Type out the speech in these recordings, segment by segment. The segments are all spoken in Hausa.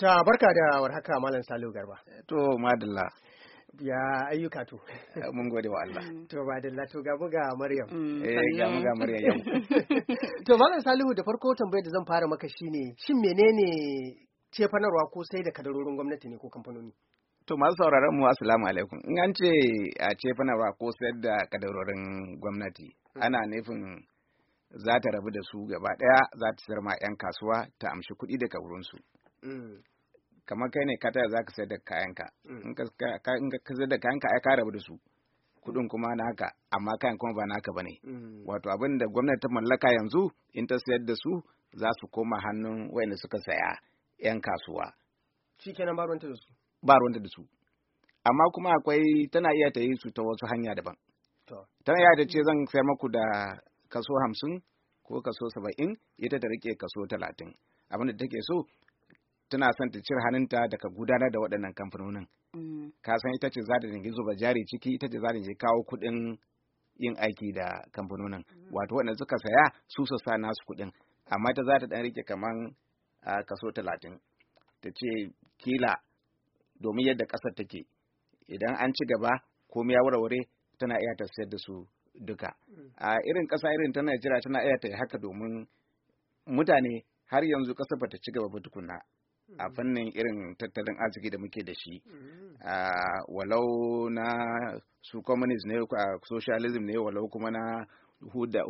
Ta barka da warhaka Malam Salihu Garba. To madalla. ya ayyuka to mun gode wa Allah mm. to Madalla to to ga Maryam mm, eh ga Maryam yau to malam Salihu da farko tambayar da zan fara maka shine shin menene cefanarwa ko sai da kadarorin gwamnati ne ko kamfanoni to masu sauraron mu assalamu alaikum in an ce a cefanarwa ko sayar da kadarorin gwamnati mm. ana nufin za ta rabu da su gaba daya za ta sayar ma yan kasuwa ta amshi kuɗi daga wurinsu. kamar kai ne ka taya za ka sayar da kayanka mm. in ka sayar da kayanka ai ka rabu da su mm. kuɗin kuma naka amma kayan kuma ba naka bane mm. wato abin da gwamnati ta mallaka yanzu in ta sayar da su za su koma hannun wayanda suka saya yan kasuwa shikenan ba ruwanta da su ba ruwanta da su amma kuma akwai tana iya ta yi su ta wasu hanya daban tana iya ta ce zan sayar maku da kaso hamsin ko kaso saba'in ita ta rike kaso talatin abin da take so tana son ta cire hannunta daga gudanar da waɗannan kamfanonin. Mm. Ka san ita ce za ta dinga zuba jari ciki ita ce za ta kawo kuɗin yin aiki da kamfanonin. Mm. Wato waɗanda suka saya su su sa nasu kuɗin amma ta za ta ɗan rike kaman kaso talatin. Ta ce kila domin yadda ƙasar take idan an ci gaba komai ya warware tana iya ta sayar da su duka. Mm. A irin ƙasa irin ta Najeriya tana iya ta haka domin mutane har yanzu ƙasar bata ci gaba ba tukunna a hmm. fannin irin tattalin arziki da muke da shi hmm. walau na su communism ne socialism ne walau kuma na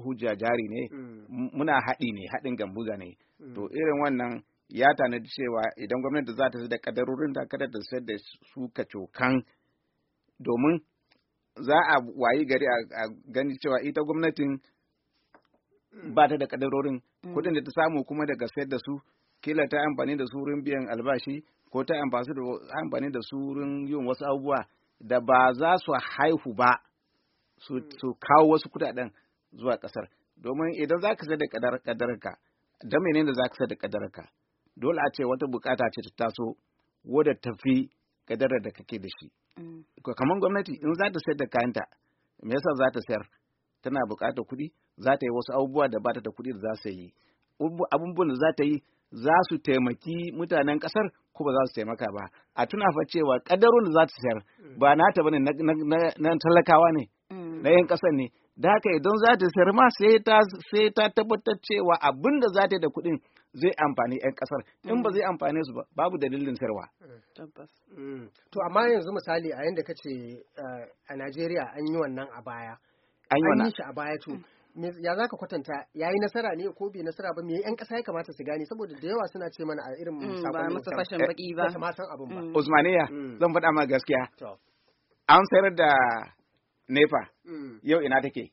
hujja jari ne hmm. muna haɗi ne haɗin gambuza ne to irin wannan ya tanadi cewa idan gwamnati za ta da kadarorin da kada ta sayar da su kacokan domin za a wayi gari a gani cewa ita gwamnatin ba ta da kadarorin kuɗin da ta samu kuma daga sayar da su kila ta amfani da su biyan albashi ko ta amfani da su yin wasu abubuwa da ba za su haihu ba su hmm. kawo wasu kudaden zuwa kasar domin idan za ka sai da kadarka da menene da za ka sai da kadarka dole a ce wata bukata ce ta taso wadda tafi kadar da kake da shi hmm. kamar gwamnati in za ta sayar da kayanta me yasa za ta sayar tana bukatar kuɗi za ta yi wasu abubuwa da ba ta da kuɗi da za su yi abubuwan da za ta yi za su taimaki mutanen ƙasar ko ba za su taimaka ba a tuna fa cewa kadarun da za ta sayar ba mm. nata bane na talakawa ne mm. na yan kasar ne da haka idan za ta sayar ma sai ta sai ta tabbatar cewa abin da za ta yi da kuɗin zai amfani yan ƙasar in ba mm. zai amfane su ba babu dalilin sayarwa tabbas to amma yanzu misali a yanda kace eh, a Najeriya an yi wannan a baya an yi shi a baya to ya za ka kwatanta ya yi nasara ne ko bai nasara ba me yan kasa ya kamata su gane saboda da yawa suna ce mana a irin mm, Ba musu fashin eh, baki ba ma san abin ba mm. Usmaniya mm. zan faɗa ma gaskiya an sayar da NEPA. yau ina take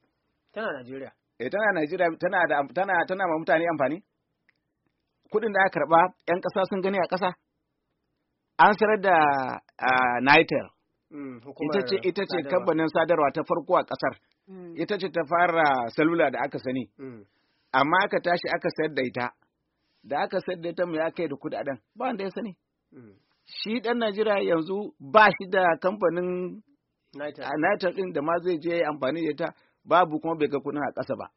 tana Najeriya eh tana Najeriya tana da tana tana ma mutane amfani kuɗin da aka karɓa yan ƙasa sun gani a ƙasa? an sayar da ah, Nitel ita ce ita ce kamfanin sadarwa ta farko a ƙasar. Mm. ita ce ta fara salula da aka sani mm. amma aka tashi aka sayar da ita da aka sayar da ita mu ya kai da kudaden ba wanda ya sani mm. shi dan Najeriya yanzu ba shi da kamfanin Nitel din da ma zai je amfani da ita babu kuma bai ga kudin a ƙasa ba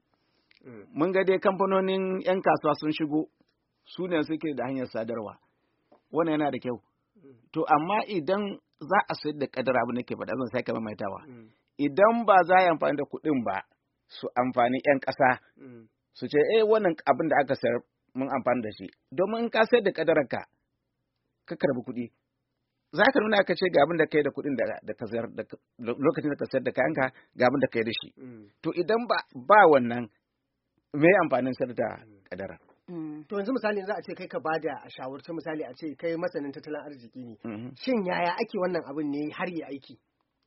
mun ga dai kamfanonin 'yan kasuwa sun shigo su ne suke da hanyar sadarwa wannan yana da kyau to amma idan za a sayar da kadara abin da ke faɗa zan sai kamar maitawa idan ba za a yi amfani da kuɗin ba su amfani 'yan ƙasa mm. su ce eh wannan abin da aka sayar mun amfani da shi domin in ka sayar da kadararka ka karbi kuɗi za ka nuna ka ce ga abin da kai da kuɗin da ka sayar da lokacin da ka sayar da kayanka ga abin da kai da shi mm. to idan ba ba wannan me amfanin sayar da kadara mm. to yanzu misali za a ce kai ka bada a shawarci misali a ce kai masanin tattalin arziki ne mm-hmm. shin yaya ake wannan abin ne har yi aiki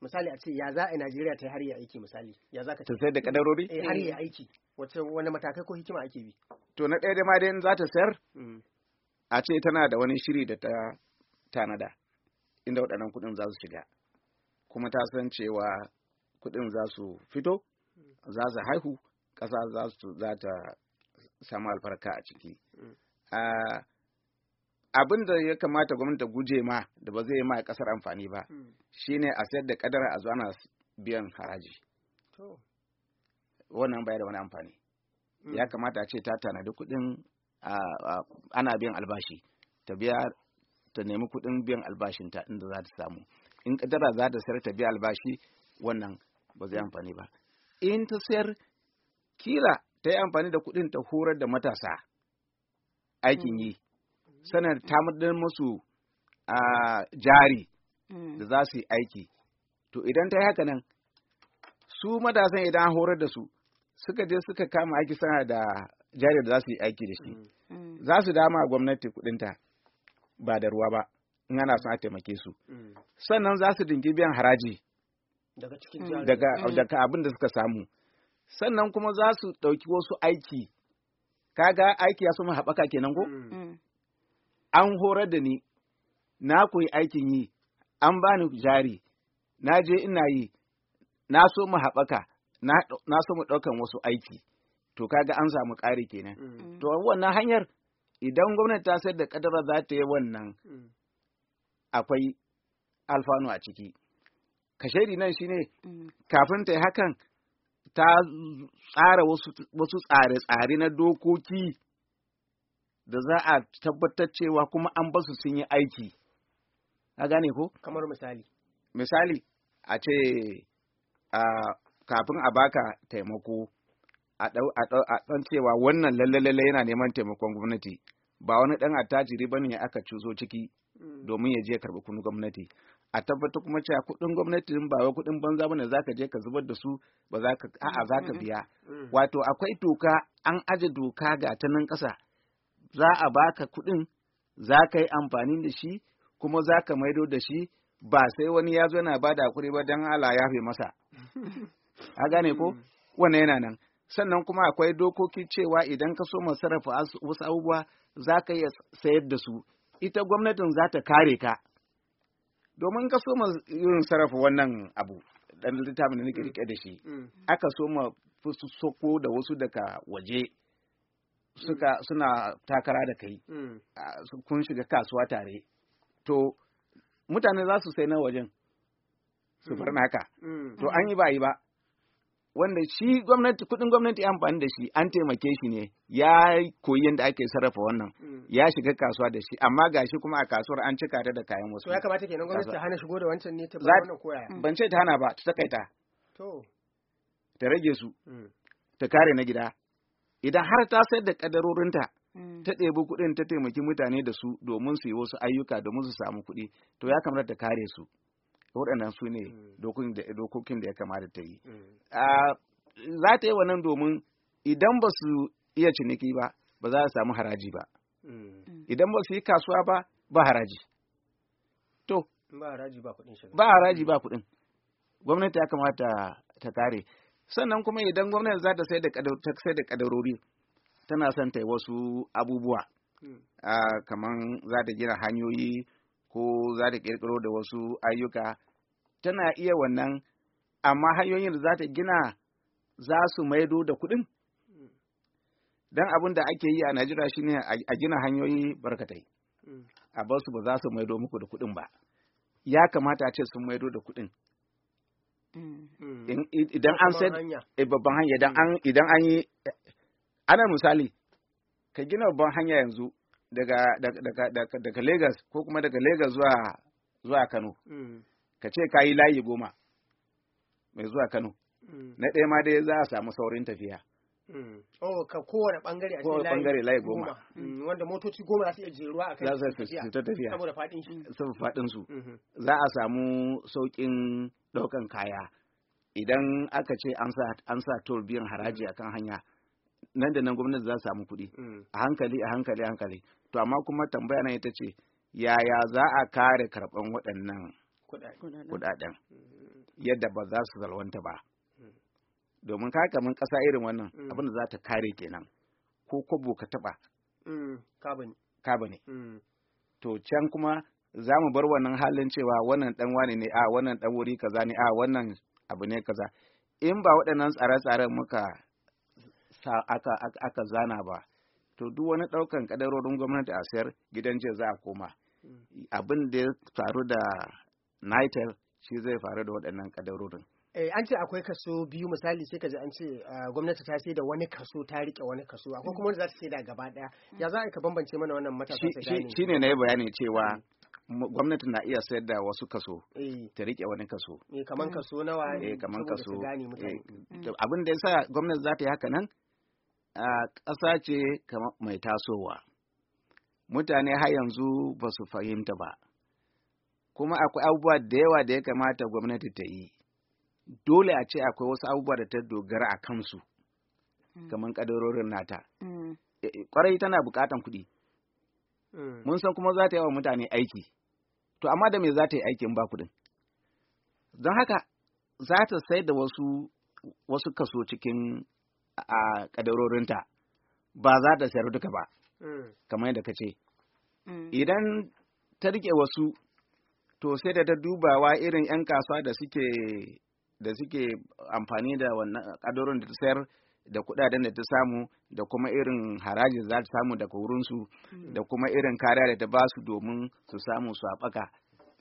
misali a ce ya za a Najeriya ta har yi aiki misali ya za ka ta sayar da kadarori eh har yi mm. aiki wace wani matakai ko hikima ake bi to na ɗaya da ma dai za ta sayar mm. a ce tana da wani shiri da ta tanada inda waɗannan kuɗin za su shiga kuma ta san cewa kuɗin za su fito mm. za su haihu ƙasa za su za ta samu alfarka a ciki a ah, abin da ya kamata gwamnati ta guje ma da ba zai yi ma kasar amfani ba hmm. shine a sayar da kadara a zuwa biyan haraji wannan baya da wani amfani hmm. ya kamata a ce ta tanadi kuɗin ana biyan albashi ta biya ta nemi kuɗin biyan albashin ta inda za ta samu in kadara za ta sayar ta biya albashi wannan ba zai amfani ba in ta sayar kila ta yi amfani da kuɗin ta horar da matasa aikin hmm. yi ta tamadar masu a jari mm. da za su yi aiki to idan ta yi haka nan su matasan idan horar da su suka je suka kama aiki sana da jari da za su yi aiki da shi mm. Mm. za su dama gwamnati kudinta ba da ruwa ba in ana son a taimake su sannan za su dingi biyan haraji daga abin da suka samu sannan kuma za su ɗauki wasu aiki kaga aiki ya suma haɓaka kenan ko an horar da ni, na koyi aikin yi, an bani jari, na je ina yi, na so mu haɓaka, na so mu ɗaukan wasu aiki, to kaga an samu ƙari kenan. Mm. To wannan hanyar idan gwamnati ta sayar da ƙadara za ta yi wannan mm. akwai alfanu a ciki. Kashedi nan shi ne mm. kafin ta yi hakan ta tsara wasu tsare-tsare na dokoki da za a tabbatar cewa kuma an basu sun yi aiki a gane ko kamar misali misali a ce kafin a baka taimako a ɗan cewa wannan lalle-lalle yana neman taimakon gwamnati ba wani ɗan attajiri ba ne aka cuzo ciki mm. domin ya je karɓi kunu gwamnati a tabbata kuma cewa kuɗin gwamnati ba wai kuɗin banza bane ka je ka zubar da su ba za ka a'a za ka mm-hmm. biya mm. wato akwai doka an aje doka ga ta nan ƙasa za a baka kuɗin za ka yi amfani da shi kuma za ka maido da shi ba sai wani ya zo yana bada da ba don Allah ya fi masa. A gane ko? Hmm. Wannan yana nan. Sannan kuma akwai dokoki cewa idan ka so sarrafa wasu abubuwa za ka iya sayar da su. Ita gwamnatin za ta kare ka. Domin ka so yin sarrafa wannan abu, ɗan littafin da nake rike da shi, hmm. Hmm. aka so ma soko da wasu daga waje suka suna takara da kai hmm. kun shiga kasuwa tare to mutane za su sai na wajen su bar hmm. naka hmm. to an yi ba yi ba wanda shi gwamnati kudin gwamnati ya amfani da shi an taimake shi ne ya koyi yadda ake sarrafa wannan ya shiga kasuwa da shi amma ga shi kuma a kasuwar an cika ta da kayan wasu ya kamata kenan gwamnati ta hana shigo da wancan ne ta bar wannan koyaya ban ce ta hana ba ta takaita to ta rage su ta kare na gida idan har ta sayar da kadarorinta mm. ta ɗebi kuɗin ta taimaki mutane da su domin su yi wasu ayyuka domin su samu kuɗi to ya kamata ta kare su waɗannan su ne mm. dokokin da ya kamata ta yi mm. za ta yi wannan domin idan ba su iya ciniki ba ba za a samu haraji ba idan ba su yi kasuwa ba ba haraji to ba haraji ba kuɗin gwamnati ya kamata ta kare sannan kuma idan gwamnati za ta sai da kadarori tana son ta yi wasu abubuwa hmm. ah, kamar za ta gina hanyoyi ko za ta kirkiro da wasu ayyuka tana iya wannan amma hanyoyin da za ta gina za su maido da kuɗin hmm. don abin da ake yi a Najeriya shine a gina hanyoyi barkatai hmm. a basu ba za su maido muku da kuɗin ba ya kamata a ce sun maido da kuɗin Mm. idan an sai eh, babban hanya idan an yi ana misali ka gina babban hanya yanzu daga daga Lagos ko kuma daga Lagos zuwa zuwa Kano mm. ka ce ka yi layi goma mai zuwa Kano mm. na ɗaya ma dai za a samu saurin tafiya Oh, ka kowane bangare a cikin bangare layi goma. Wanda motoci goma za su iya jeruwa a kai su tafiya. Saboda faɗin shi. Saboda faɗin su. Mm-hmm. Za a samu sauƙin ɗaukan kaya idan aka ce an sa tol biyan haraji akan hanya nan da nan gwamnati za su samu kuɗi mm. a hankali a hankali a hankali to amma kuma tambaya na ita ce yaya za a kare karɓan waɗannan kuɗaɗen mm. yadda ba za su zalwanta ba mm. domin ka kamar ƙasa irin wannan abin da za ta kare kenan ko kobo ka taɓa ka ne to can kuma za mu bar wannan halin cewa wannan dan wani ne a wannan dan wuri kaza ne a wannan abu ne kaza in ba waɗannan tsare-tsaren muka sa aka, aka, zana ba to duk wani ɗaukan kadarorin gwamnati a sayar gidan jiya za a koma abin da ya faru da nitel shi zai faru da waɗannan kadarorin Eh, an ce akwai kaso biyu misali sai ka ji an ce gwamnati ta sai da wani kaso ta rike wani kaso akwai kuma wanda za ta sai da gaba daya ya za a ka bambance mana wannan matasa sai ne. na yi bayani cewa mm. gwamnati na iya sayar da wasu kaso eh. ta rike wani kaso Kamar kaso nawa eh kaman kaso eh, eh, abin da yasa gwamnati za ta yi haka nan a ƙasa ce mai tasowa mutane har yanzu ba su fahimta ba kuma akwai abubuwa da yawa da ya kamata gwamnati ta yi dole a ce akwai wasu abubuwa da ta dogara a kansu hmm. kamar kadarorin nata kwarai hmm. tana bukatan kuɗi Mm. mun san kuma za ta yawa mutane aiki to amma da me za ta yi aikin ba kuɗin don haka za ta sai da wasu wasu kaso cikin a kadarorinta ba za ta sayar duka ba mm. kamar yadda ka ce mm. idan ta rike wasu to sai da ta dubawa irin 'yan kasuwa da suke da suke amfani da wannan kadarorin da ta sayar da kudaden da ta samu da kuma irin haraji za ta samu daga wurinsu hmm. da kuma irin kariya da ta ba su domin su samu su haɓaka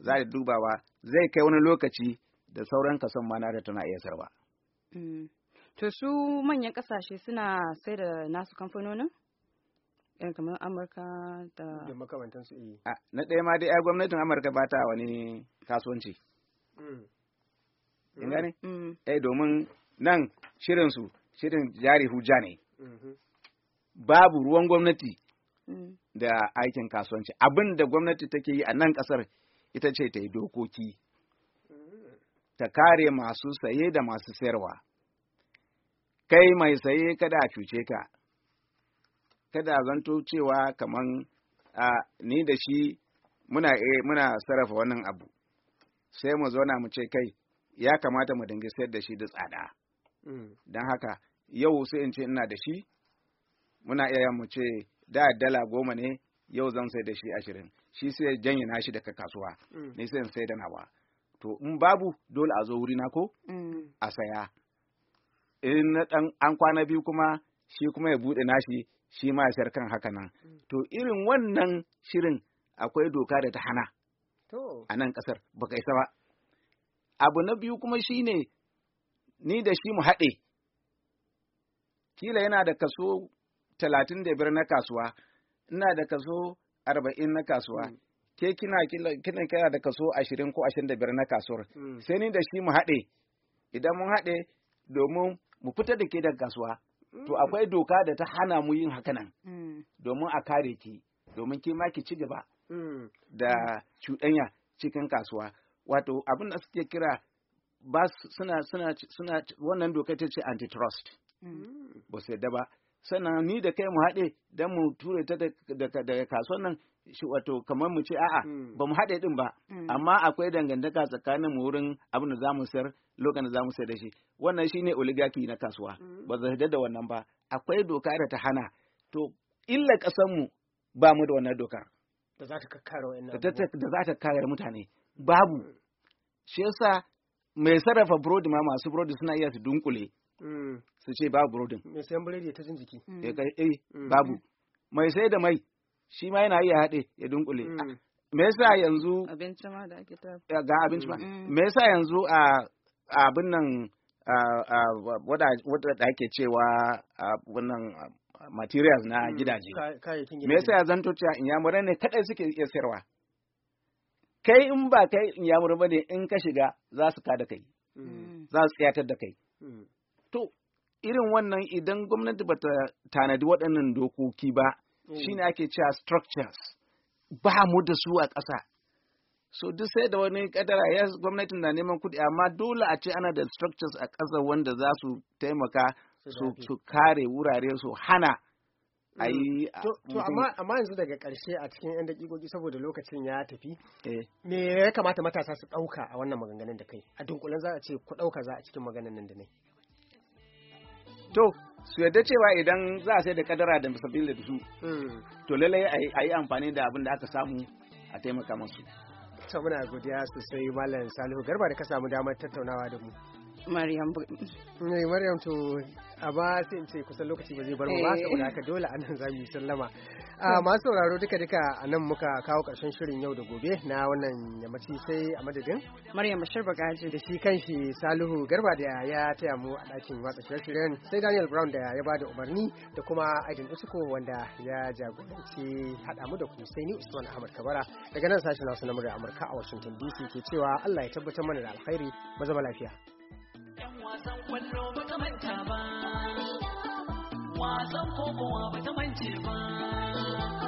za ta dubawa zai kai wani lokaci da sauran kason ma da tana iya sarwa. Hmm. To su manyan kasashe suna sai da nasu kamfanonin? Irin kamar Amurka da... Da su iya. Eh. Na ɗaya ma dai gwamnatin Amurka ba ta wani kasuwanci. Hmm. In gane? Eh domin nan shirinsu shirin jari hujja ne mm-hmm. babu ruwan gwamnati mm. da aikin kasuwanci abin da gwamnati take yi a nan ƙasar ita ce ta yi dokoki mm-hmm. ta kare masu saye da masu sayarwa kai mai saye kada a cuce ka kada zanto cewa kaman a ni da shi muna eh, muna sarrafa wannan abu sai mu zauna mu ce kai ya kamata mu dinga sayar da shi da tsada Mm. don haka yau sai in ce ina da shi muna iya mu ce da dala goma ne yau zan sai da shi ashirin shi sai ya janye nashi daga kasuwa mm. ne sai in sai da nawa to in babu dole a zo wuri na ko mm. a saya in na dan an kwana biyu kuma shi kuma ya bude nashi shi ma ya sayar kan haka nan to irin wannan shirin akwai doka da ta hana a nan kasar baka isa ba abu na biyu kuma shine ni da shi mu haɗe, kila yana da kaso talatin da biyar na kasuwa, ina da kaso arba'in na kasuwa, mm. ke kina kina kina da kaso ashirin ko ashirin da biyar na kasuwar, mm. sai ni da shi mu haɗe, idan mun haɗe domin mu fita da ke daga kasuwa. To mm. akwai doka da ta hana mu yin hakanan, domin a kare ki, domin ki ma ki ci gaba da cuɗanya cikin kasuwa. Wato abin da suke kira ba suna suna suna wannan doka ta ce antitrust mm. ba su yadda ba sannan ni da kai mu haɗe don mu ture ta daga kasuwan nan shi wato kamar mu ce a'a mm. ba mu haɗe din ba mm. amma akwai dangantaka tsakanin mu wurin abin da zamu sayar lokacin da zamu sayar da shi wannan shine oligarchy na kasuwa ba za da wannan ba akwai doka da ta hana to illa kasan mu ba mu da wannan dokar da za ta kare mutane babu shi yasa mai sarrafa burodi ma masu burodi suna iya su dunkule mm. su ce babu burodin mai sayan burodi ta jin jiki eh mm. babu mai sai da mai shi ma yana iya haɗe ya dunkule mm. me yasa yanzu abinci ma da ake ta ga abinci ma me yasa yanzu a abin nan wadda ake cewa wannan materials na gidaje me yasa ya zanto cewa inyamurai ne kadai suke iya sayarwa kai in ba kai in ya ba ne in ka shiga za su ka mm. da kai za su tsayatar da kai to irin wannan idan gwamnati ba ta tanadi waɗannan dokoki ba mm. shine ake cewa structures ba mu da su a ƙasa so duk sai da wani kadara ya gwamnatin na neman kuɗi amma dole a ce ana da structures a ƙasa wanda za su taimaka su kare wurare su hana ai mm. to amma amma yanzu daga karshe a cikin yan dakikoki saboda lokacin ya tafi eh. me ya kamata matasa su dauka a wannan maganganun da kai a dunkulen za a ce ku dauka za a cikin maganan nan da ne to su yadda cewa idan za a sai da kadara da sabbin da su hmm. to lallai a yi amfani da abin da aka samu a taimaka musu. Ta muna godiya sosai Malam Salihu Garba da ka samu damar tattaunawa da mu. Maryam. Ne eh, Maryam to a ba sai in ce kusan lokaci ba zai bar mu ba eh. sai haka dole a nan za mu yi sallama. Ah, masu sauraro duka duka a nan muka kawo karshen shirin yau da gobe na wannan yammaci sai a madadin. Maryam Bashir Bagaji. Da shi kanshi Salihu Garba da ya taya mu a ɗakin watsa shirye-shiryen sai Daniel Brown da ya bada umarni da kuma Aidin Usuko wanda ya jagoranci hada mu da ku sai ni Usman Ahmad Kabara daga nan sashen Hausa na Amurka a Washington DC ke cewa Allah ya tabbatar mana da alkhairi ba zama lafiya. kwallo ba ta manta ba wasan kokowa ba ta mance ba